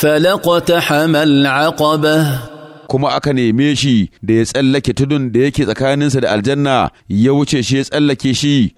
فلقتحم العقبة kuma aka neme shi da ya tsallake tudun da yake tsakaninsa da aljanna ya wuce shi ya tsallake shi